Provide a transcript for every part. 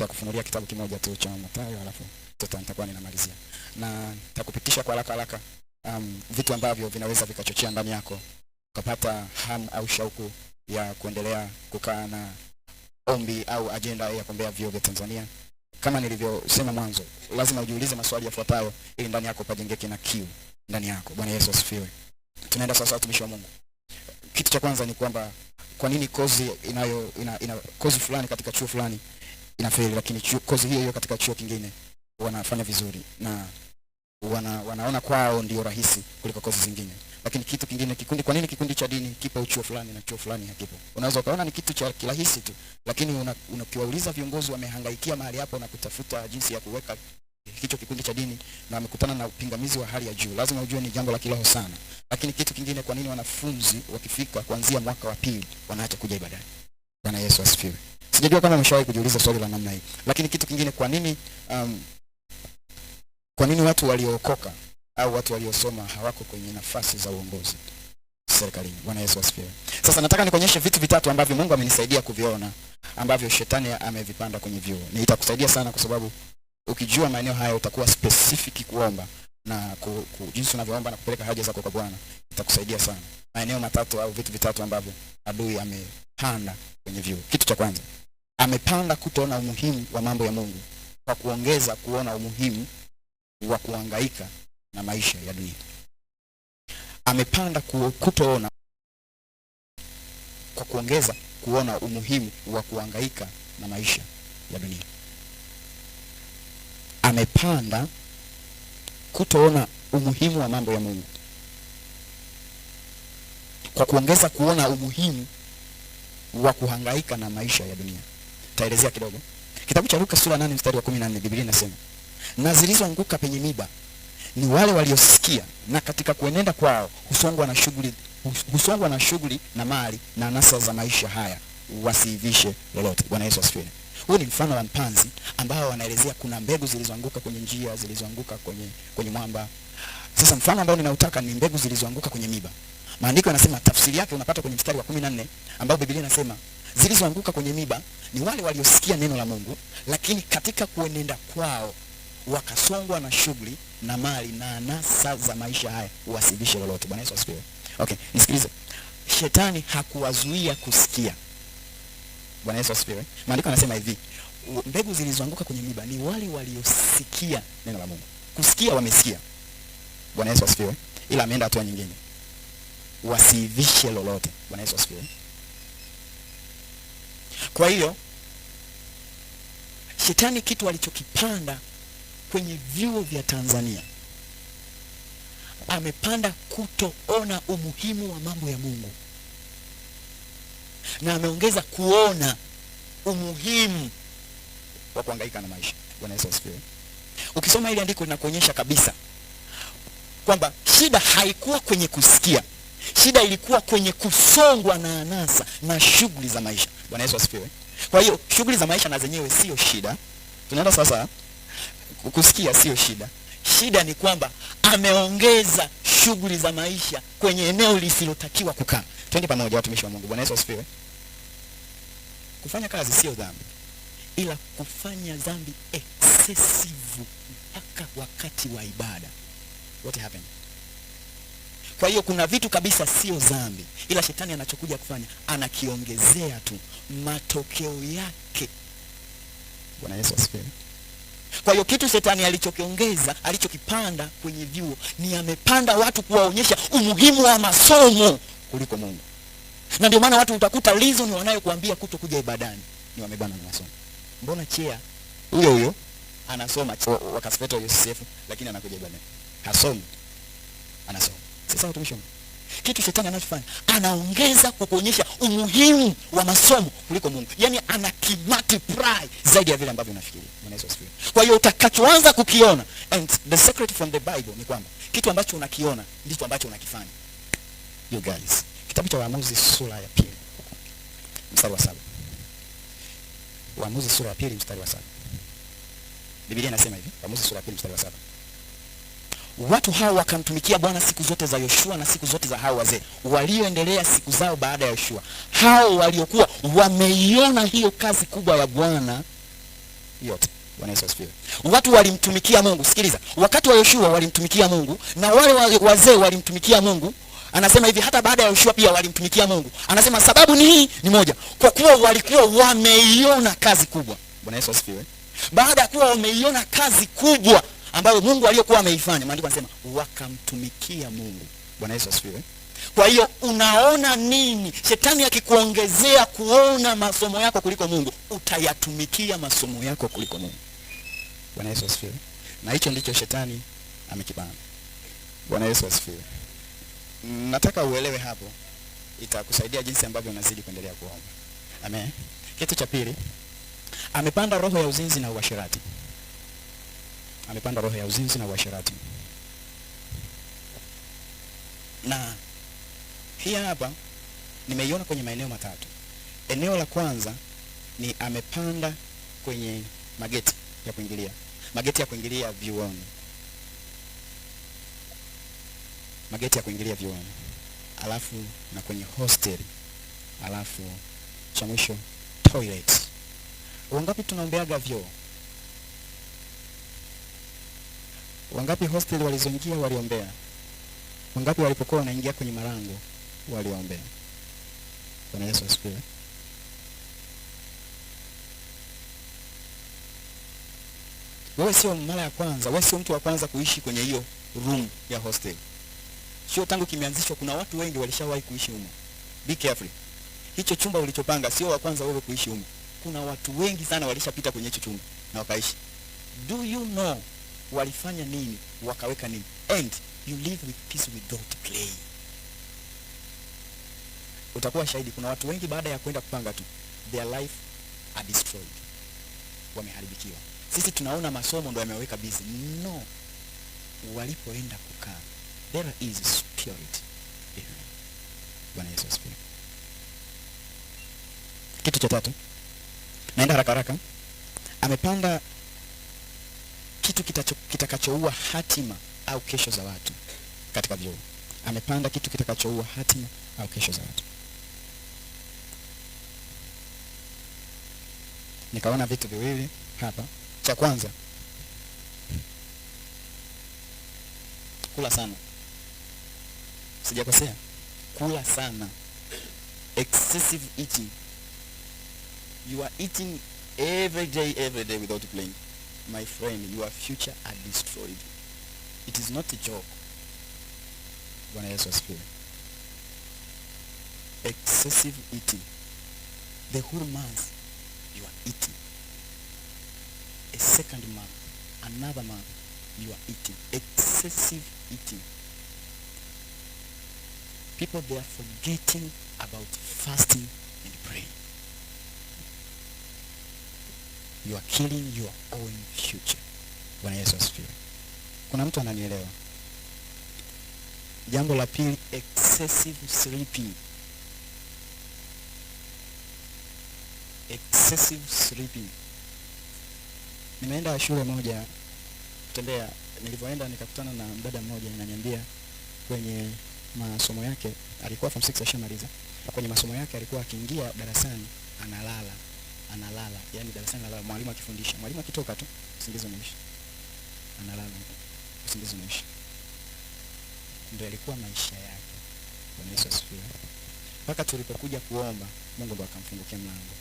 nitakufunulia kitabu kimoja tu cha Mathayo, alafu nitakuwa ninamalizia na nitakupitisha kwa haraka haraka um, vitu ambavyo vinaweza vikachochea ndani yako ukapata hamu au shauku ya kuendelea kukaa na ombi au ajenda ya kuombea vyuo vya Tanzania. Kama nilivyosema mwanzo, lazima ujiulize maswali yafuatayo ili ndani yako pajengeke na kiu ndani yako. Bwana Yesu asifiwe. Tunaenda sasa, watumishi wa Mungu. Kitu cha kwanza ni kwamba kwa nini kozi inayo ina, ina kozi fulani katika chuo fulani inafeli, lakini kozi hiyo hiyo katika chuo kingine wanafanya vizuri na wana, wanaona kwao ndio rahisi kuliko kozi zingine. Lakini kitu kingine kikundi, kwa nini kikundi cha dini kipo chuo fulani na chuo fulani hakipo? Unaweza ukaona ni kitu cha kirahisi tu, lakini unakiwauliza una viongozi, wamehangaikia mahali hapo na kutafuta jinsi ya kuweka hicho kikundi cha dini na wamekutana na upingamizi wa hali ya juu. Lazima ujue ni jambo la kiroho sana. Lakini kitu kingine, kwa nini wanafunzi wakifika kuanzia mwaka wa pili wanaacha kuja ibadani? Bwana Yesu asifiwe. Sijajua kama umeshawahi kujiuliza swali la namna hii. Lakini kitu kingine, kwa nini um, kwa nini watu waliookoka au watu waliosoma hawako kwenye nafasi za uongozi serikalini? Bwana Yesu asifiwe. Sasa nataka nikuonyeshe vitu vitatu ambavyo Mungu amenisaidia kuviona ambavyo shetani amevipanda kwenye vyuo. Nitakusaidia sana kwa sababu ukijua maeneo haya utakuwa specific kuomba na ku, ku, jinsi unavyoomba na kupeleka haja zako kwa Bwana itakusaidia sana. Maeneo matatu au vitu vitatu ambavyo adui amepanda kwenye vyuo. Kitu cha kwanza, amepanda kutoona umuhimu wa mambo ya Mungu kwa kuongeza kuona umuhimu wa kuhangaika na maisha ya dunia. Amepanda kutoona kwa kuongeza kuona umuhimu wa kuhangaika na maisha ya dunia. Amepanda kutoona umuhimu wa mambo ya Mungu, kwa kuongeza kuona umuhimu wa kuhangaika na maisha ya dunia. Taelezea kidogo. Kitabu cha Luka sura 8 mstari wa 14, Biblia inasema na zilizoanguka penye miba ni wale waliosikia na katika kuenenda kwao husongwa na shughuli husongwa na shughuli na mali na anasa za maisha haya, wasiivishe lolote. Bwana Yesu asifiwe. Huu ni mfano wa mpanzi ambao wanaelezea kuna mbegu zilizoanguka kwenye njia, zilizoanguka kwenye kwenye mwamba. Sasa mfano ambao ninautaka ni mbegu zilizoanguka kwenye miba. Maandiko yanasema tafsiri yake unapata kwenye mstari wa 14 ambao Biblia inasema zilizoanguka kwenye miba ni wale waliosikia neno la Mungu, lakini katika kuenenda kwao wakasongwa na shughuli na mali na anasa za maisha haya uwasibishe lolote. Bwana Yesu asifiwe. Okay, nisikilize. Shetani hakuwazuia kusikia Bwana Yesu asifiwe. Maandiko yanasema hivi, mbegu zilizoanguka kwenye miba ni wale waliosikia neno la Mungu. Kusikia wamesikia. Bwana Yesu asifiwe. Ila ameenda hatua nyingine. Wasiivishe lolote. Bwana Yesu asifiwe. Kwa hiyo shetani kitu alichokipanda kwenye vyuo vya Tanzania amepanda kutoona umuhimu wa mambo ya Mungu na ameongeza kuona umuhimu wa kuhangaika na maisha. Bwana Yesu asifiwe. Ukisoma hili andiko linakuonyesha kabisa kwamba shida haikuwa kwenye kusikia, shida ilikuwa kwenye kusongwa na anasa na shughuli za maisha. Bwana Yesu asifiwe. Kwa hiyo shughuli za maisha na zenyewe sio shida. Tunaenda sasa, kusikia sio shida. Shida ni kwamba ameongeza shughuli za maisha kwenye eneo lisilotakiwa kukaa. Twende pamoja watumishi wa Mungu. Bwana Yesu asifiwe. Kufanya kazi sio dhambi, ila kufanya dhambi excessive mpaka wakati wa ibada. What happened? Kwa hiyo kuna vitu kabisa sio dhambi, ila shetani anachokuja kufanya anakiongezea tu, matokeo yake. Bwana Yesu asifiwe. Kwa hiyo kitu shetani alichokiongeza alichokipanda kwenye vyuo ni amepanda watu kuwaonyesha umuhimu wa masomo kuliko Mungu. Na ndio maana watu utakuta reason wanayokuambia kuja ibadani ni wamebana na masomo. Mbona chea huyo huyo anasoma wakasifeta wa UCF lakini anakuja ibadani. Hasomi. Anasoma. Sasa watumishi wangu. Kitu shetani anachofanya, anaongeza kwa kuonyesha umuhimu wa masomo kuliko Mungu. Yaani ana pride zaidi ya vile ambavyo unafikiria. Mwana Yesu asifiwe. Kwa hiyo utakachoanza kukiona and the secret from the Bible ni kwamba kitu ambacho unakiona ndicho ambacho unakifanya you guys. Kitabu cha Waamuzi sura ya pili mstari wa saba. Waamuzi sura ya pili mstari wa saba. Biblia inasema hivi, Waamuzi sura ya pili mstari wa saba. Watu hao wakamtumikia Bwana siku zote za Yoshua na siku zote za hao wazee walioendelea siku zao baada ya Yoshua, hao waliokuwa wameiona hiyo kazi kubwa ya Bwana yote. Bwana Yesu asifiwe. Watu walimtumikia Mungu. Sikiliza, wakati wa Yoshua walimtumikia Mungu na wale wazee walimtumikia Mungu anasema hivi, hata baada ya Yoshua pia walimtumikia Mungu. Anasema sababu ni hii, ni moja, kwa kuwa walikuwa wameiona kazi kubwa. Bwana Yesu asifiwe. Baada ya kuwa wameiona kazi kubwa ambayo Mungu aliyokuwa ameifanya, maandiko anasema wakamtumikia Mungu. Bwana Yesu asifiwe. Kwa hiyo unaona nini? Shetani akikuongezea kuona masomo yako kuliko Mungu, utayatumikia masomo yako kuliko Mungu. Bwana Yesu asifiwe. Na hicho ndicho shetani amekibana. Bwana Yesu asifiwe nataka uelewe hapo, itakusaidia jinsi ambavyo unazidi kuendelea kuomba. Amen. Kitu cha pili, amepanda roho ya uzinzi na uasherati. Amepanda roho ya uzinzi na uasherati, na hii hapa nimeiona kwenye maeneo matatu. Eneo la kwanza ni amepanda kwenye mageti ya kuingilia, mageti ya kuingilia vyuoni mageti ya kuingilia vyuoni, alafu na kwenye hostel, alafu cha mwisho toilet. Wangapi tunaombeaga vyoo? Wangapi hostel walizoingia waliombea? Wangapi walipokuwa wanaingia kwenye malango waliombea? Bwana Yesu asifiwe. Wewe sio mara ya kwanza, wewe sio mtu wa kwanza kuishi kwenye hiyo room ya hostel sio tangu kimeanzishwa, kuna watu wengi walishawahi kuishi humo. Be careful. Hicho chumba ulichopanga sio wa kwanza wewe kuishi humo. Kuna watu wengi sana walishapita kwenye hicho chumba na wakaishi. Do you know walifanya nini, wakaweka nini? And you live with peace without play. Utakuwa shahidi, kuna watu wengi baada ya kwenda kupanga tu, their life are destroyed, wameharibikiwa. Sisi tunaona masomo ndo yameweka busy. No, walipoenda kukaa There is spirit Kitu cha tatu, naenda haraka haraka. Amepanga kitu kitakachoua hatima au kesho za watu katika vyuo. Amepanda kitu kitakachoua hatima au kesho za watu. Nikaona vitu viwili hapa. Cha kwanza, kula sana sijakosea, kula sana, excessive eating. You are eating every day, every day without playing. My friend, your future are destroyed. It is not a joke. Bwana Yesu asifiwe. Excessive eating. The whole month you are eating. A second month, another month you are eating. Excessive eating people they are forgetting about fasting and praying. You are killing your own future. Bwana Yesu asifiwe. Kuna mtu ananielewa? Jambo la pili, excessive sleeping. Excessive sleeping. Nimeenda shule moja kutembea, nilipoenda nikakutana na mdada mmoja ananiambia kwenye masomo yake alikuwa form 6 ashamaliza. Kwenye masomo yake alikuwa akiingia darasani analala, analala. yani darasani analala, mwalimu akifundisha. Mwalimu akitoka tu usingizi umeisha. Analala. Usingizi umeisha. Ndio alikuwa maisha yake. Bwana Yesu asifiwe. Mpaka tulipokuja kuomba, Mungu ndo akamfungukia mlango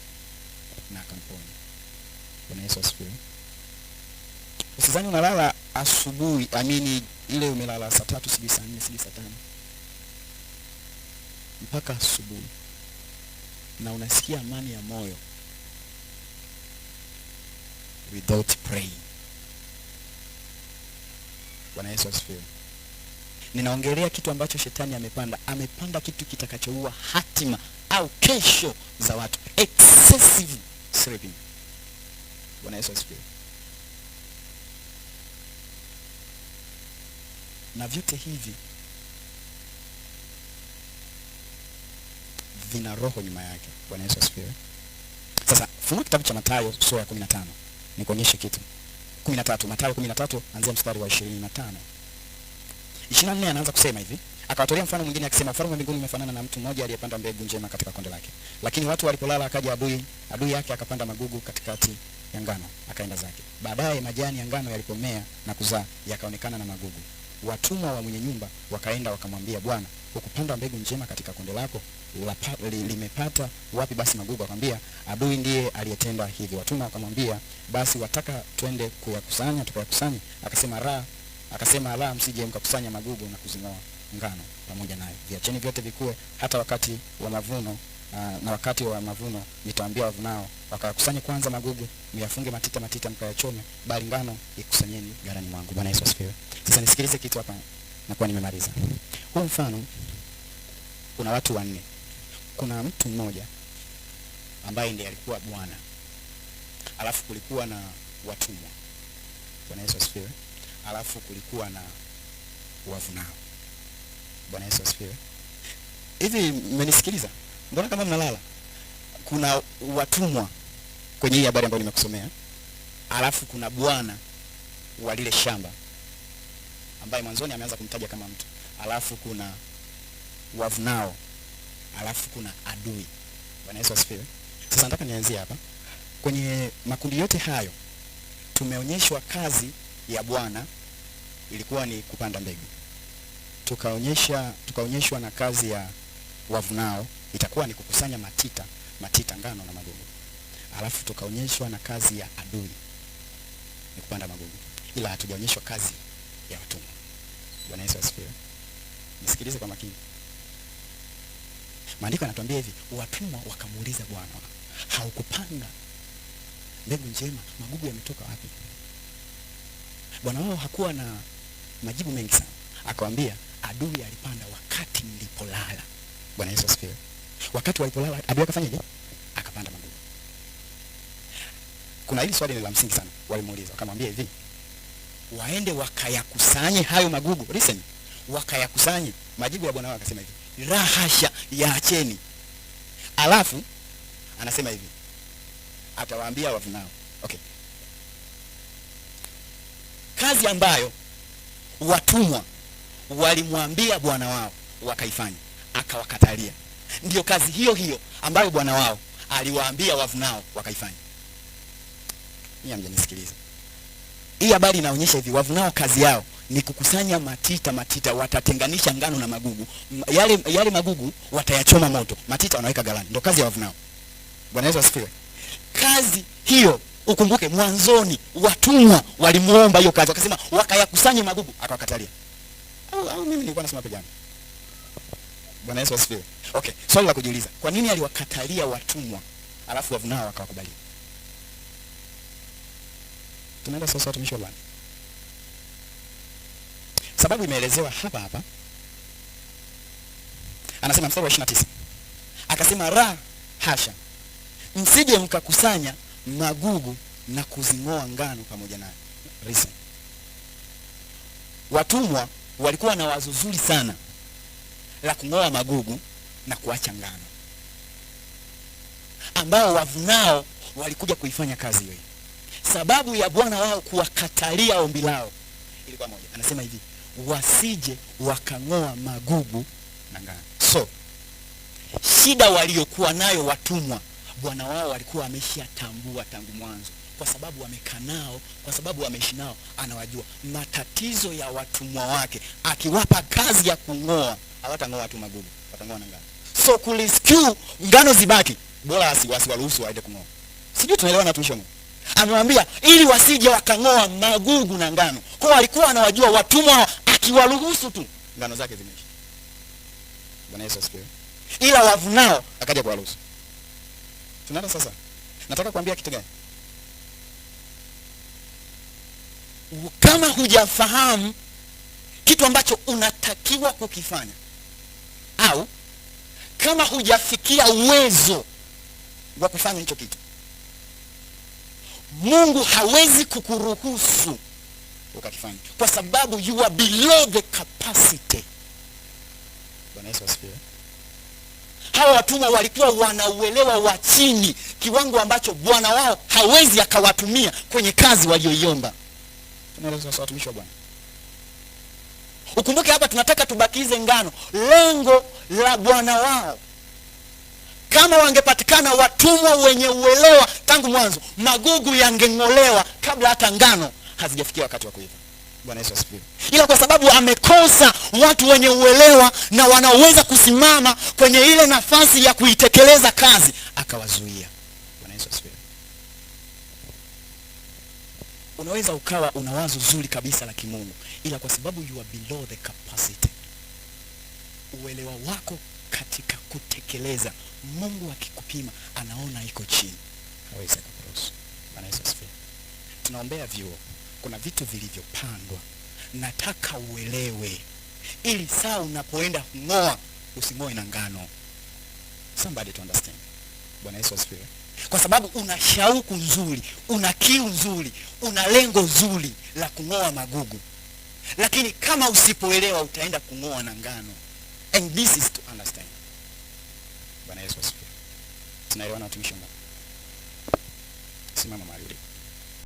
na akamponya. Bwana Yesu asifiwe. Usizani unalala asubuhi, amini ile umelala saa tatu sijui saa nne sijui saa tano mpaka asubuhi, na unasikia amani ya moyo without praying. Bwana Yesu asifiwe. Ninaongelea kitu ambacho shetani amepanda. Amepanda kitu kitakachoua hatima au kesho za watu, excessive sleeping. Bwana Yesu asifiwe. Na vyote hivi vina roho nyuma yake. Bwana Yesu asifiwe. Sasa funua kitabu cha Mathayo sura ya 15 nikuonyeshe kitu. 13 Mathayo 13 anzia mstari wa 25. 24 anaanza kusema hivi, akawatolea mfano mwingine akisema, ufalme wa mbinguni umefanana na mtu mmoja aliyepanda mbegu njema katika konde lake, lakini watu walipolala, akaja adui adui yake akapanda magugu katikati ya ngano, akaenda zake. Baadaye majani ya ngano yalipomea na kuzaa, yakaonekana na magugu. Watumwa wa mwenye nyumba wakaenda wakamwambia bwana ukupanda mbegu njema katika kundi lako li, limepata wapi basi magugu? Akamwambia adui ndiye aliyetenda hivi. Watuma akamwambia basi wataka twende kuyakusanya tukayakusanya. Akasema ra akasema la, msije mkakusanya magugu na kuzing'oa ngano pamoja nayo, viacheni vyote vikue hata wakati wa mavuno. Uh, na wakati wa mavuno nitawaambia wavunao wakakusanye kwanza magugu, myafunge matita matita, mkayachome, bali ngano ikusanyeni garani mwangu. Bwana Yesu asifiwe. Sasa nisikilize kitu hapa nakuwa nimemaliza. Kwa mfano kuna watu wanne. Kuna mtu mmoja ambaye ndiye alikuwa bwana, alafu kulikuwa na watumwa. Bwana Yesu asifiwe. Alafu kulikuwa na wavunao. Bwana Yesu asifiwe. Hivi mmenisikiliza? Mbona kama mnalala? Kuna watumwa kwenye hii habari ambayo nimekusomea, alafu kuna bwana wa lile shamba ambaye mwanzoni ameanza kumtaja kama mtu, alafu kuna wavunao, alafu kuna adui. Bwana Yesu asifiwe. Sasa nataka nianzie hapa kwenye makundi yote hayo, tumeonyeshwa kazi ya Bwana ilikuwa ni kupanda mbegu, tukaonyesha tukaonyeshwa na kazi ya wavunao itakuwa ni kukusanya matita matita, ngano na magugu, alafu tukaonyeshwa na kazi ya adui ni kupanda magugu, ila hatujaonyeshwa kazi ya utumwa. Bwana Yesu asifiwe. Nisikilize kwa makini. Maandiko yanatuambia hivi, watumwa wakamuuliza Bwana, haukupanga mbegu njema, magugu yametoka wapi? Bwana wao hakuwa na majibu mengi sana, akawambia adui alipanda wakati mlipolala. Bwana Yesu asifiwe. Wakati walipolala adui akafanyaje? Akapanda magugu. Kuna hili swali ni la msingi sana, walimuuliza wakamwambia hivi, waende wakayakusanye hayo magugu. Listen, wakayakusanye. Majibu ya bwana wao akasema hivi, rahasha, yaacheni. Alafu anasema hivi, atawaambia wavunao. Okay, kazi ambayo watumwa walimwambia bwana wao wakaifanya, akawakatalia, ndiyo kazi hiyo hiyo ambayo bwana wao aliwaambia wavunao wakaifanya. Mimi amjanisikiliza hii habari inaonyesha hivi, wavunao kazi yao ni kukusanya matita. Matita watatenganisha ngano na magugu, yale yale magugu watayachoma moto, matita wanaweka galani, Ndio kazi ya wavunao. Bwana Yesu asifiwe. Kazi hiyo ukumbuke, mwanzoni watumwa walimuomba hiyo kazi, wakasema wakayakusanye magugu, akawakatalia. Au, au mimi nilikuwa nasema jana. Bwana Yesu asifiwe. Okay, swali la kujiuliza, kwa nini aliwakatalia watumwa alafu wavunao wakawakubali? Tunaenda sasa watumishi wa Bwana. Sababu imeelezewa hapa hapa. Anasema mstari wa 29. Akasema ra hasha. Msije mkakusanya magugu na kuzing'oa ngano pamoja na Reason. Watumwa walikuwa na wazo zuri sana la kung'oa magugu na kuacha ngano ambao wavunao walikuja kuifanya kazi hiyo sababu ya Bwana wao kuwakatalia ombi lao ilikuwa moja. Anasema hivi, wasije wakang'oa magugu na ngano. So shida waliokuwa nayo watumwa, Bwana wao alikuwa ameshatambua tangu mwanzo, kwa sababu wamekaa nao, kwa sababu wameishi nao, anawajua matatizo ya watumwa wake. Akiwapa kazi ya kung'oa, hawatang'oa tu magugu, watang'oa na ngano. So kulisikiu ngano zibaki, bora waruhusu waende kung'oa. Sijui tunaelewana, watumishi wa Mungu? amewambia ili wasije wakang'oa magugu na ngano kwao alikuwa anawajua watumwa akiwaruhusu tu ngano zake zimeisha bwana yesu asikiwe ila wavunao akaja kuwaruhusu tunaona sasa nataka kuambia kitu gani kama hujafahamu kitu ambacho unatakiwa kukifanya au kama hujafikia uwezo wa kufanya hicho kitu Mungu hawezi kukuruhusu ukafanya kwa sababu you are below the capacity. Bwana Yesu asifiwe. Hawa watumwa walikuwa wanauelewa wa chini, kiwango ambacho bwana wao hawezi akawatumia kwenye kazi walioiomba. Watumishi wa Bwana, ukumbuke hapa tunataka tubakize ngano, lengo la bwana wao kama wangepatikana watumwa wenye uelewa tangu mwanzo, magugu yangeng'olewa kabla hata ngano hazijafikia wakati wa kuiva. Bwana Yesu asifiwe. Ila kwa sababu amekosa watu wenye uelewa na wanaoweza kusimama kwenye ile nafasi ya kuitekeleza kazi, akawazuia. Bwana Yesu asifiwe. Unaweza ukawa una wazo zuri kabisa la kimungu, ila kwa sababu you are below the capacity, uelewa wako katika kutekeleza. Mungu akikupima anaona iko chini, hawezi kukuruhusu. Bwana Yesu asifiwe. Tunaombea vyuo, kuna vitu vilivyopandwa, nataka uelewe ili saa unapoenda kung'oa using'oe na ngano. Somebody to understand. Bwana Yesu asifiwe. Kwa sababu una shauku nzuri, una kiu nzuri, una lengo zuri la kung'oa magugu, lakini kama usipoelewa utaenda kung'oa na ngano. And this is to understand. Bwana Yesu asifiwe. Tunaelewana watumishi wa Mungu. Simama mahali ulipo.